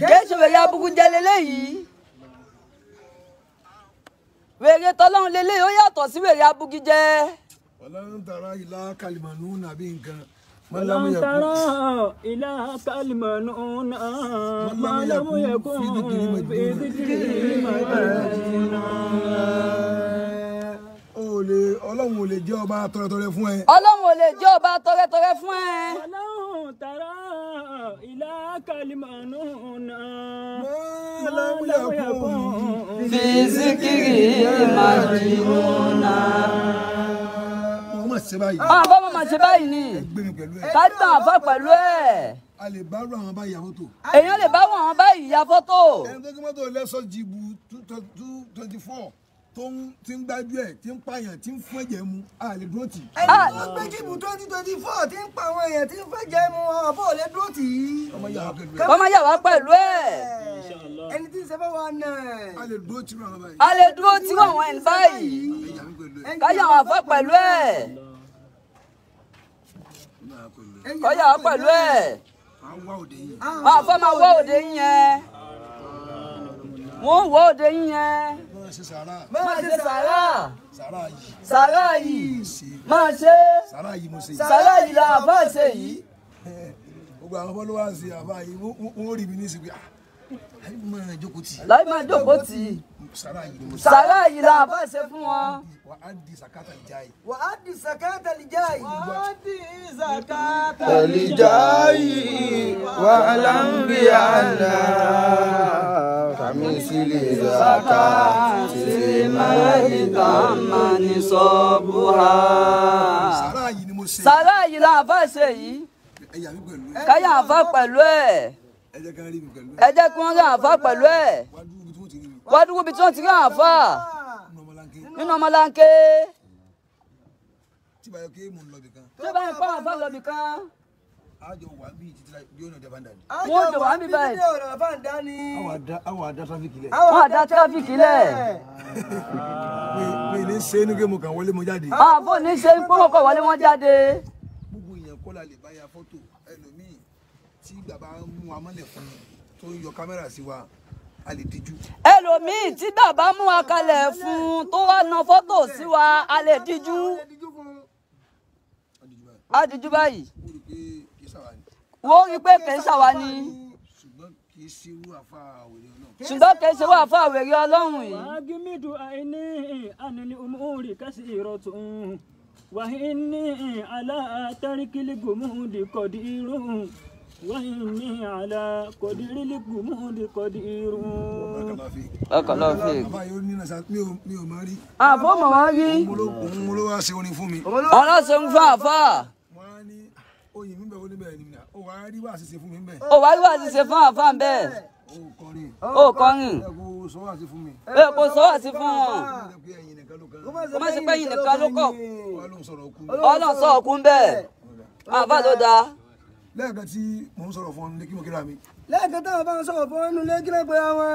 jésù wèrè abugunjẹ leléyìí wèrè tọ́lọ́run leléyìí ó yàtọ̀ sí wèrè abugunjẹ. ọlọ́run tara ìlà kalimanu nàbí nǹkan. ọlọ́run tara ìlà kalimanu náà mọ́lámú yẹ̀kún fìdíkìrì màdínà. ọlọ́run ò lè jẹ́ ọba tọrẹtọrẹ fún ẹ. ọlọ́run ò lè jẹ́ ọba tọrẹtọrẹ fún ẹ. ọlọ́run tara. ذاك المنونا ما لم يكن في ذكري مجنونا ṣe báyìí. àwọn afọ máa ṣe báyìí ni ká gbà àfọ pẹ̀lú ẹ̀. a lè bá rú àwọn báyìí ya fọ́tò. èèyàn lè bá wọn àwọn báyìí ya fọ́tò. ẹni tó kí mọ́tò lẹ́sọ̀ jìbù two twenty four tó ń ti ń gbájú ẹ̀ ti ń pààyàn ti ń fún ẹ̀jẹ̀ mu a lè dúró tì. ẹni tó gbé jíìpù twenty twenty four ti ń pa àwọn èèyàn ti ń fẹ́jẹ̀ mu ọ̀bọ̀ ò lè dúró tì í. ọmọ yà wá pẹ̀lú ẹ̀. ẹni tí ń sẹ́fẹ́ wa nà. a lè dúró tì wọn báyìí. a lè dúró tì wọn wọn báyìí. káyà wà fọ́ pẹ̀lú ẹ̀. káyà wà pẹ̀lú ẹ̀. máa fọ́ máa wá òde yín yẹn. wọ́n wá òde yín yẹn máa ṣe sàárà. máa ṣe sàárà. sàárà yìí. sàárà yìí. máa ṣe. sàárà yìí mo ṣe yìí. yìí la àbá ṣe yìí. gbogbo àwọn fọlọ́wọ́sì àbá yìí wọ́n rí mi ní ìsìnkú láì máa jókòó tì. láì sàrà yìí la bá ṣe fún wọn. wà á di sàkátà lè jáì. wà á di sàkátà lè jáì. wà á di sàkátà lè jáì. wà á láǹbì àná. kàmísì lè zàkà. sèmà ìta máa ní sọ́ọ̀bù ha. sàrà yìí la bá ṣe yìí. káyà àfa pẹ̀lú ẹ̀ ẹ jẹ́ kí wọ́n rí àǹfà pẹ̀lú ẹ̀ wá dúró ibi tí wọ́n ti rí àǹfà nínú ọmọláńké. tí báyọ̀ kí mò ń lọ́bì kan. tí báyọ̀ kí àǹfà lọ́bì kan. àjọ wà bí títí la yóò ní ọjà bàǹdà ni. wọ́n jọ wà bí báyìí. àwọn àdá tráfíkì lẹ̀. àwọn àdá tráfíkì lẹ̀. mi ní ṣe é kí mo kàn wọlé mo jáde. àbò ní ṣe é pé mo kàn wọlé wọn jáde. gbogbo èèyàn kọ́ tí bàbá mú amọ́lẹ̀ fún mi tó ń yọ kámẹ́rà sí wa a lè díjú. ẹlòmíì tí bàbá mú wa kalẹ̀ fún tó wá na fọ́tò sí wa a lè díjú. a díjú báyìí. wọ́n rí pé kì í ṣàwa ni. ṣùgbọ́n kì í ṣe irú àfa òwe náà ṣùgbọ́n kì í ṣe wà fún àwẹ̀rí ọlọ́run yìí. wàá gímìdù àìní ànínní umúrì kásì ìrọ̀tún wàhíní aláàtàríkìlì gòmùdì kọ̀dí وإني على قدر الجمود قدير bákàlá fi. àfọ́ mọ̀ wá rí. òun ló wá ṣe orin fún mi. ọlọ́sẹ̀ ń fà fà. oyin mi bẹ wo ni bẹ ni na o wa rí wá ṣiṣe fún mi bẹ. o wa rí wá ṣiṣe fún àfa bẹ. o kọrin. ẹ kò sọ wá sí fún mi. ẹ kò sọ wá sí fún ọ. kọ. ọlọ́sọ̀ ọ̀kun bẹ́ẹ̀. àfa ló dáa lẹ́ẹ̀kan tí mò ń sọ̀rọ̀ fún ọ nílé kí mo kíra mi. lẹ́ẹ̀kan táwọn bá ń sọ̀rọ̀ fún ọ nílé kí lè pe àwọn.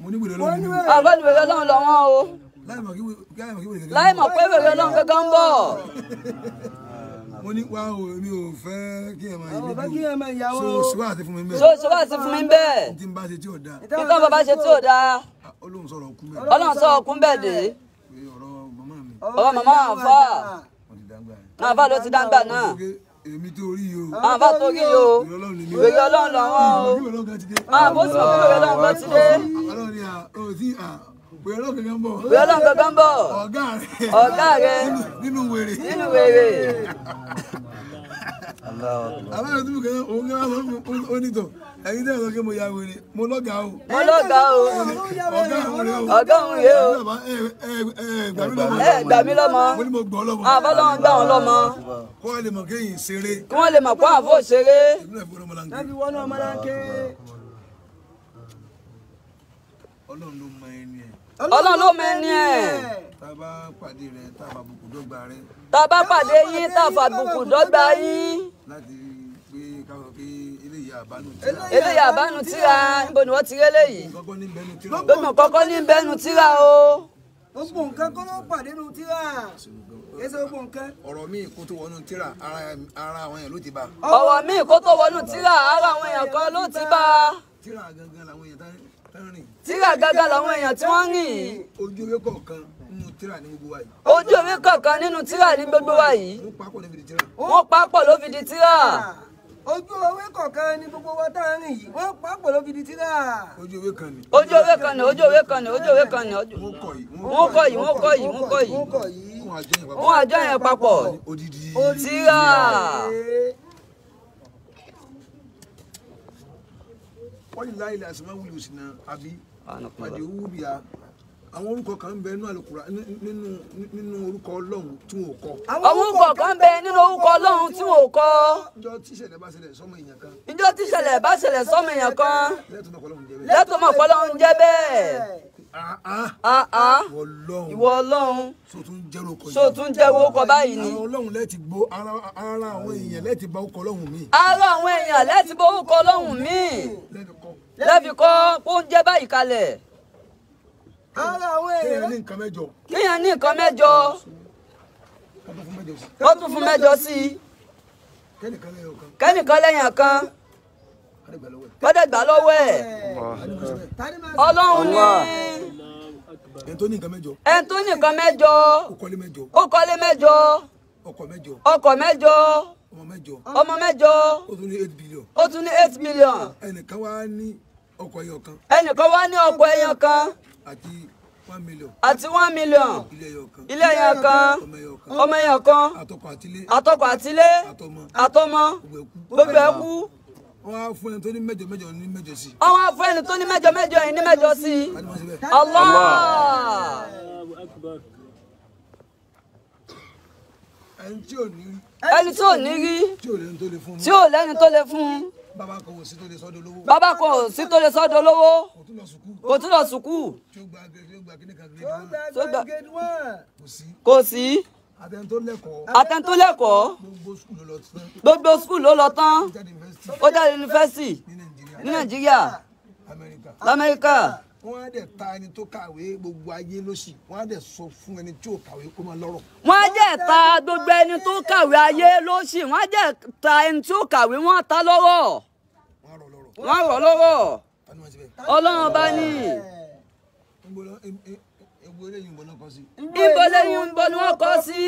mo ní wèrè lọ́wọ́ mi. àbá ni wèrè lọ́wọ́ lọ wọ́n o. láì mọ̀ pé wèrè lọ́wọ́ kankan ń bọ̀. mo ní wá o mi ò fẹ́ kí ẹ máa yí mi o so sùwà àti fún mi bẹ́ẹ̀. so sùwà àti fún mi bẹ́ẹ̀. n tí n bá ṣe tí ò dáa. n tí n bá ṣe tí ò dáa. Ah, Ọlọ́run sọ̀rọ̀ kún bẹ́ẹ̀ dé. ọ̀rọ̀ màmá àfà. àfà ló ti dáńgbà náà èmi tó rí yìí o. àbá tó rí yìí o wèrè ọlọ́run lọ́wọ́ o máa bó sọ pé wèrè ọlọ́run kan ti dé. ọlọ́run ni à ó sí à wèrè ọlọ́run kankan bọ̀. wèrè ọlọ́run nínú wèrè. aláàrẹ̀tún kan òun kan wá sọ fún onítọ̀ ẹ̀yin tẹ́ sọ pé mo ya wèrè mo lọ́gà o. mo lọ́gà o ọ̀gá òun rèé o ẹ gbà mí lọ́mọ mo ní mo gbọ́ lọ́mọ àbá lọ́wọ́ gbà wọ́n lọ́mọ. kó wọ́n lè mọ̀ kéyìn ṣeré. kí wọ́n lè mọ̀ kó àfọ̀ ṣeré. láti wọnú ọmọláńké. ọlọ́run ló mọ ẹni ẹ̀ ọlọ́run ló mẹ́ni ẹ̀. tá a bá pàdé yín tá a fàbùkù dọ́gba yín láti pé káwọn pé eléyìí àbánu tíra. eléyìí àbánu tíra níbo ni wọ́n ti rélé yìí. gbogbo kọ́kọ́ ní bẹ́nu tíra o. gbogbo nǹkan kọ́ ló pàdé nu tíra kẹsẹ gbogbo nǹkan. ọ̀rọ̀ mi kó tó wọnú tíra ara àwọn èèyàn ló ti bá. ọ̀rọ̀ mi kó tó wọnú tíra ara àwọn èèyàn kan ló ti bá. tíra gangan làwọn èèyàn tán rìn. tíra gangan làwọn èèyàn tí wọ́n rìn. ojú ewé kọ̀ọ̀kan tíra ní gbogbo wa yìí. ojú omi kankan nínú tíra ní gbogbo wa yìí. wọ́n papọ̀ ló fi di tíra. wọ́n papọ̀ ló fi di tíra ojú ewé kọ̀ọ̀kan ni gbogbo wa tá a rìn yìí wọ́n pàápọ̀ ló fi di tíra. ojú ewé kan ni. ojú ewé kan ni ojú ewé kan ni ojú ewé kan ni. wọ́n kọ yìí wọ́n kọ yìí wọ́n kọ yìí wọ́n kọ yìí. wọ́n àjọ yẹn papọ̀ odidi tíra. wọ́n ní láyé lásìmọ́ wíwùsì náà àbí pàdé wúbi ya àwọn orúkọ kan ń bẹ nínú àlùkùrá nínú nínú orúkọ ọlọ́run tí wọn ò kọ. àwọn orúkọ kan ń bẹ nínú orúkọ ọlọ́run tí wọn ò kọ. ìjọ tí ìṣẹ̀lẹ̀ bá ṣẹlẹ̀ sọ́mọ èèyàn kan. ìjọ tí ìṣẹ̀lẹ̀ bá ṣẹlẹ̀ sọ́mọ èèyàn kan. lẹ́tọ̀ mọ̀ fọlọ́run jẹ́ bẹ́ẹ̀. Ah, ah. Ah, ìwọ ọlọ́run sótún jẹ́wọ́ orúkọ báyìí ni. ara ọlọ́run lẹ́ẹ̀tì gbó ara àwọn èèyàn lẹ́ẹ̀tì bá orúkọ ọlọ́run mi. ara àwọn èèyàn lẹ́ẹ̀tì bá orúkọ ọlọ́run mi. lẹ́ẹ̀fi kọ́ kó ń jẹ́ báyìí kalẹ̀ ara àwọn èèyàn kéèyàn ní nǹkan mẹ́jọ. kéèyàn ní nǹkan mẹ́jọ. ó tún fún mẹ́jọ sí i. kẹ́nìkan lẹ́yìn kan kọ́dẹ̀ gbà lọ́wọ́ ẹ̀ ọlọ́run ni ní ẹn tó ní nǹkan mẹ́jọ. ó kọ́lé mẹ́jọ. ọkọ̀ mẹ́jọ. ọmọ mẹ́jọ. ó tún ní eight million, ó tún eight billion. ẹnìkan wá ní ọkọ̀ ẹyọ kan. ẹnìkan wá ní ọkọ̀ ẹyọ kan. àti one million. àti one million. ilé ẹyọ kan. ọmọ ẹyọ kan. àtọkọ àtilé. àtọkọ àtilé. àtọmọ. àtọmọ. gbogbo ẹ kú wọ́n á fún ẹni tó ní mẹ́jọ mẹ́jọ ní mẹ́jọ sí. ọwọ́ á fún ẹni tó ní mẹ́jọ mẹ́jọ ní mẹ́jọ sí. Allah. ẹni tí ò ní rí. ẹni tí ò ní rí. tí ò lẹ́ni tó lè fún bàbá kan ò sí tó lè sọ́dọ̀ lówó. bàbá kan ò sí tó lè sọ́dọ̀ lówó. kò tún lọ sùkúù. kò tún lọ sùkúù. tí ó gba tí ó gba kíní kan grade one. tí ó gba grade one. kò sí. kò sí. àtẹ̀ntó lẹ́kọ̀ọ́. àtẹ̀ntó lẹ́kọ̀ọ́. gbogbo sùkúù ló lọ tán. gbogbo ó jáde yunifásitì. ní nàìjíríà. lamẹ́ríkà. wọ́n á dẹ̀ ta ẹni tó kàwé gbogbo ayé lóṣì wọ́n á dẹ̀ sọ fún ẹni tí ò kàwé kó máa lọ́rọ̀. wọ́n á dẹ̀ ta gbogbo ẹni tó kàwé ayé lóṣì wọ́n á dẹ̀ ta ẹni tí ò kàwé wọ́n á ta lọ́rọ̀ wọ́n rọ̀ lọ́wọ́ ọlọ́run bá ní. ibo lẹ́yìn ìbọn náà kọ́ sí. ibo lẹ́yìn ìbọn náà kọ́ sí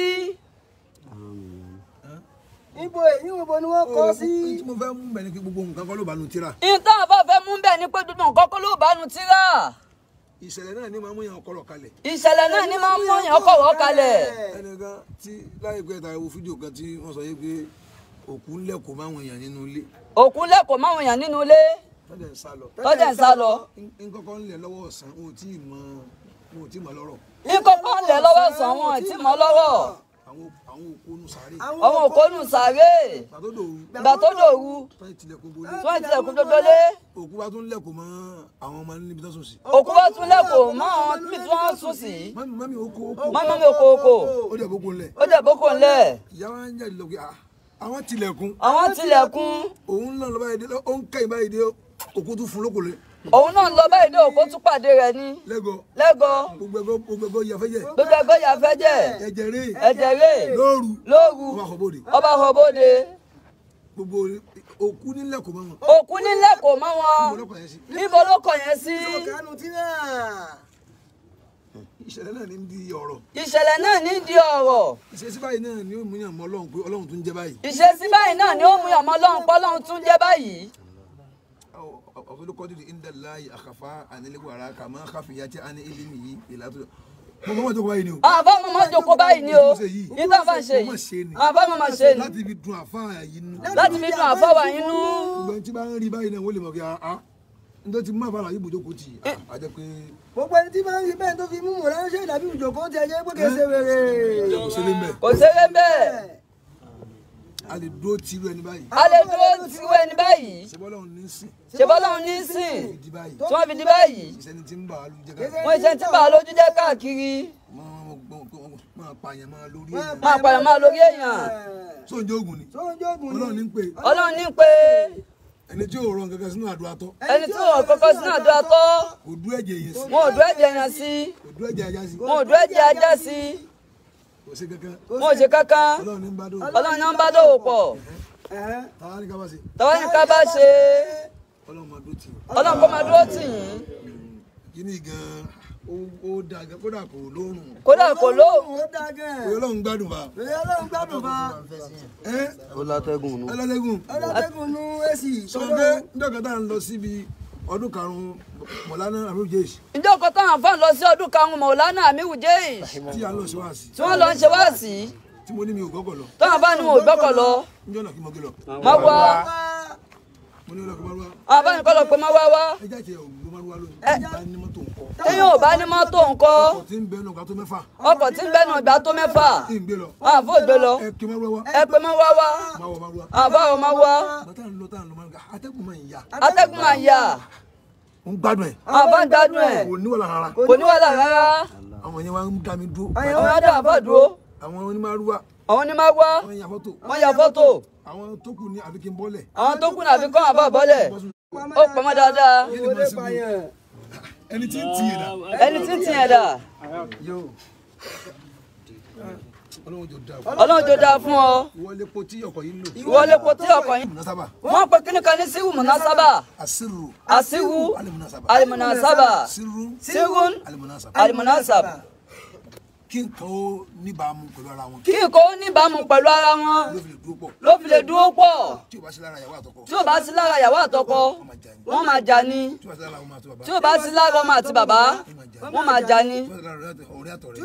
ibo èyí wo ni wọn kọ sí. n tí mo fẹ́ mú bẹ̀ ni pé gbogbo nǹkan kọ́ ló bá nu tírà. ìtàn àbá fẹ́ mú bẹ̀ ni pé gbogbo nǹkan kọ́ ló bá nu tírà. ìṣẹ̀lẹ̀ náà ni máa mú yàn ọkọ̀rọ̀ kalẹ̀. ìṣẹ̀lẹ̀ náà ni máa mú yàn ọkọ̀rọ̀ kalẹ̀. ẹnìkan tí láyé pé ta ewu fídíò kan tí wọ́n sọ yé pé òkú ń lẹ̀kọ́ máwọn èèyàn nínú ilé. òkú ń lẹ̀kọ́ máwọn èèyàn nínú ilé. tọ́jà ń sá lọ. tọ́jà ń sá lọ. nkọ́kọ́ ń lẹ̀ lọ́wọ́ ọ̀sán wọn ò tí ì mọ wọn ò tí ì mọ lọ́rọ̀. nkọ́kọ́ ń lẹ̀ lọ́wọ́ ọ̀sán wọn ò tí ì mọ lọ́rọ̀. àwọn òkónú sáré. àwọn òkónú sáré. gbàtó dòru. tọ́jà tilẹ̀kùn dodolé. òkú wa tún lẹ̀kọ́ mọ́ àwọn ọmọ òkú wa tún lẹ̀kọ́ oko oko. ó dẹ̀ bókun lẹ̀ àwọn tilẹ̀kùn. àwọn tilẹ̀kùn. òun náà lọ báyìí ó ń kẹ́yìn báyìí dé òkútu fún lóko òun náà lọ báyìí dé òkútu pàdé rẹ ní. lẹ́gọ̀. lẹ́gọ̀. gbogbo yàfẹ́jẹ̀. gbogbo yàfẹ́jẹ̀. ẹ̀jẹ̀ rè. ẹ̀jẹ̀ rè. lóru. lóru. ọba àkọ́bọ̀dé. ọba àkọ́bọ̀dé gbogbo òkú nílẹ̀ kò mọ́ wọn. òkú nílẹ̀ kò mọ́ wọn. níbo ló kọ̀ yẹn sí. níbo ló kọ̀ yẹn sí ìṣẹ̀lẹ̀ náà ní di ọ̀rọ̀. ìṣẹ̀lẹ̀ náà ní di ọ̀rọ̀. ìṣesí báyìí náà ni ó mú yàn mọ́ ọlọ́run pé ọlọ́run tún jẹ́ báyìí. ìṣesí báyìí náà ni ó mú yàn mọ́ ọlọ́run pé ọlọ́run tún jẹ́ báyìí. ọ̀fọlùkọ́dúdú indalayi àkàfà ànilégbàrà kàmá káfíyàtì àni ilimi yìí ìlàtọ̀ mo mọ jókòó báyìí ni o. àbá mo mọ jókòó báyìí ni o nígbà bá ṣe tí bá ń rí báyìí náà wọ́n lè tó ti mú àfàlà yìí bùjókòó tì á eh. ah, jẹ pé. gbogbo ẹni tí máa ń fi bẹ́ẹ̀ tó fi mú mọ̀ ránṣẹ́ ìdàbí ìjòkó ti ẹ̀jẹ̀ pé kẹsẹ̀ eh. wèrè. kò ṣeré mbẹ. kò ṣeré mbẹ. a lè dúró tiru ẹni báyìí. a lè dúró tiru ẹni báyìí. ṣebọ́lọ́hún ní sìn. ṣebọ́lọ́hún ní sìn. tí wọ́n fi di báyìí. ìṣẹ́ni tí ń bà á lójú jẹ́ káàkiri. ìṣẹ́ni tí ń bà á lójú jẹ́ káàkiri máa pààyàn máa lórí èèyàn. máa pààyàn máa lórí ẹni tí ò rọ kankan sínú àdúrà tọ. ẹni tí ò rọ kankan sínú àdúrà tọ. Mo dú ẹ̀jẹ̀ yẹn sí. wọn ò dú ẹ̀jẹ̀ yẹn sí. kò dú ẹ̀jẹ̀ ajá sí. wọn ò dú ẹ̀jẹ̀ ajá sí. kò ṣe kankan. wọn ṣe kankan. ọlọ́run ní ń bá dòwò pọ̀. tàwa ní ká bá ṣe. tàwa ká bá ṣe. ọlọ́run máa dúró tì yín. ọlọ́run kó máa dúró tì yín. kí ni gan-an ó da gan kódà kò lóorùn. kódà kò lóorùn. ó da gan. òye ọlọ́run gbádùn bá. òye ọlọ́run gbádùn bá. ọlátẹ́gùn nù. ọlátẹ́gùn. ọlátẹ́gùn nù èsì. sọ pé ndọ́kọ̀ tá à ń lọ síbi ọdún karùn-ún mọ̀lánà àmì jésì. ǹjẹ́ ọkọ̀ táwọn afáàn lọ sí ọdún karùn-ún mọ̀lánà àmì jésì. tí a lọ ṣe wáàsí. tí wọ́n lọ ń ṣe wáàsí. tí mo ní mi ò gbọ́kọ̀ lọ. táwọn afáàn ni mo ò gbọ́kọ̀ lọ. ǹjọ́ náà kí mo gé lọ. má wá. mo ní tí yóò bá ní mọ́tò ńkọ́ ọkọ̀ tí ń bẹnu ìgbà tó mẹ́fà ọkọ̀ tí ń bẹnu ìgbà tó mẹ́fà àfọ̀ ìgbé lọ ẹ pé mọ́ wá wá àbá ò máa wá atẹ́gùn máa ń yá n gbádùn ẹ. àbá ń gbádùn ẹ. kò ní wàhálà rárá. kò ní wàhálà rárá. àwọn yẹn wá ń dá dúró. àwọn yẹn wá dá àbá dúró. àwọn onímọ̀rúwá. àwọn onímọ̀rúwá. wọ́n ya fọ́tò. wọ́n ya fọ́tò. àwọn tó kù ní àbíkí bọ́lẹ̀. àwọn tó kù ní àbíkọ́ àbá bọ́lẹ̀ ó oh, pamọ́ dáadáa. ẹni tí ń tiẹ̀ dà. ẹni tí ń tiẹ̀ dà. ọlọ́run jò dáa fún ọ. ìwọlé po tí ọkọ̀ yìí lò. ìwọlé po tí ọkọ̀ yìí. wọ́n pe kíni kan ní síwù mùnásábà. àsìrù. àsìwù alimunasaba. síwù alimunasaba kí nǹkan ó níbàámu pẹ̀lú ara wọn. kí nǹkan ó níbàámu pẹ̀lú ara wọn. ló fi lè dúró pọ̀. ló fi lè dúró pọ̀. tí o bá sí lára ìyàwó àtọkọ. tí o bá sí lára ìyàwó àtọkọ. wọ́n máa jà ní. tí o bá sí lára ọmọ àti bàbá. wọ́n máa jà ní.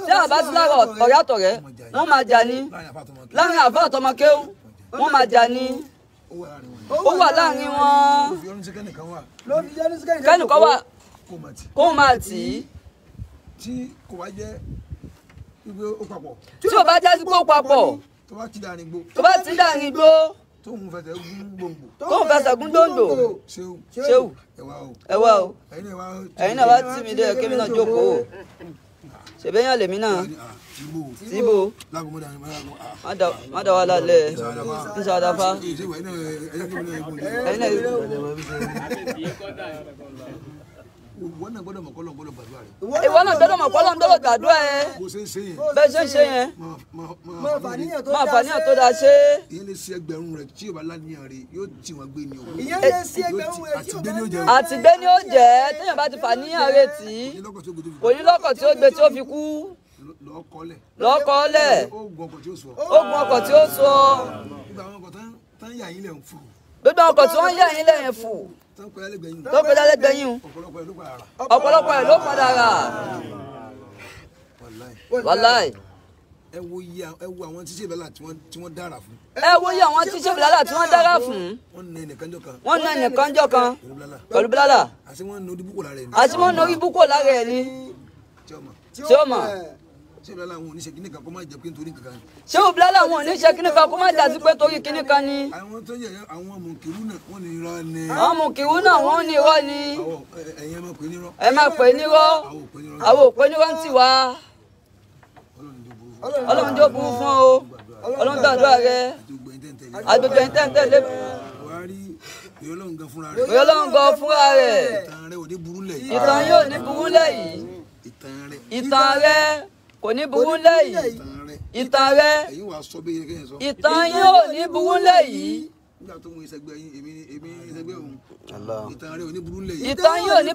tí o bá sí lára ọ̀rẹ́ àtọ̀rẹ́. wọ́n máa jà ní. láàrin àfọ àtọmọkéw. wọ́n máa jà ní ó wà láàrin wọn kẹ́nìkan wà kó máa tì í. tí kò wá jẹ́ ìwé ó papọ̀. tí o bá já sí kó papọ̀. tó bá ti dàrin gbó. tó bá ti dàrin gbó. tóun fẹsẹ̀ gún gbòǹgbò. tóun fẹsẹ̀ gún gbòǹgbò. ṣéwù ṣéwù ẹwà o ẹ̀yin náà wá tì mí dé kémi náà jókòó sèbéyàn lèmi náà tìbò má dá wa lálẹ́ nsàdáfà ẹ̀yin náà ìwọ náà gbọ́dọ̀ mọ̀ kọlọ gbọ́dọ̀ gbàdúrà rẹ. ìwọ náà gbọ́dọ̀ mọ̀ kọlọ gbọ́dọ̀ gbàdúrà ẹ. bó ṣe ń ṣe yẹn. bẹ́ẹ̀ ṣe ń ṣe yẹn. máa fàníyàn tó da ṣe. ìyẹn lè ṣe ẹgbẹ̀rún rẹ tí yóò láníyàn rẹ yóò tì wọ́n gbé ni o. ìyẹn lè ṣe ẹgbẹ̀rún rẹ tí yóò bá láníyàn rẹ. àtìgbé ni ó jẹ́ téèyàn bá ti fàníyàn rẹ tì í. lọ́kọ̀ tí ó gbé tí ó fi kú lọ́kọ́lẹ̀ ogun ọkọ̀ tí ó sọ. gbogbo àwọn ọkọ̀ tí wọ́n yà yín lẹ́yìn fù tó kọjá lẹ́gbẹ̀yìn o ọ̀pọ̀lọpọ̀ ẹ̀ ló padà rà wàláì. ẹ wo iye ẹ wo àwọn tíṣe bẹ́lá tí wọ́n dára fún. ẹ wo iye àwọn tíṣe bẹ́lá tí wọ́n dára fún. wọ́n na ẹnìkan jọ kan. wọ́n na ẹnìkan jọ kan pẹ̀lú bílálà. àti wọ́n na orí búkọ̀ lára ẹ̀ ni. àti wọ́n na orí búkọ̀ lára ẹ̀ ni. tí ó mọ̀ ṣé ìbílẹ̀ àwọn oníṣẹ́ kìnnìkan kó má jẹ́ kó má jà sí pé torí kìnnìkan ni. àwọn tó yẹ àwọn mùkìrú náà wọ́n ní irọ́ ni. àwọn mùkìrú náà wọ́n ní irọ́ ni. ẹ̀yin ẹ máa pè nírọ́. ẹ máa pè nírọ́. àwọn òpè nírọ́ ń tiwa. ọlọ́run jó burú fún o ọlọ́run gbàdúrà rẹ àgbègbè ń tẹ̀ntẹ̀ lé ìyọlọ́run gan fúnra rẹ̀ ìtàn rẹ̀ ò ní burú lẹ̀ yìí. ìtàn yóò ní burú lẹ̀ yìí. ìtàn rẹ̀ kò ní buwú lẹ̀ yìí ìtàn rẹ ìtàn yín ò ní buwú lẹ̀ ìtàn yín ò ní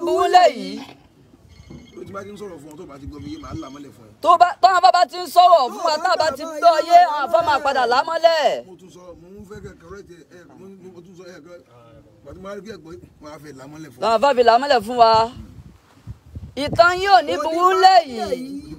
burú lẹ̀ tó bá tó bá ti ti ń sọ̀rọ̀ fún wa tá a bá ti gbọ́ yé àfọ́ máa padà là mọ́lẹ̀. mo tún sọ mo fún wa. ìtàn yín ò ní burú lẹ̀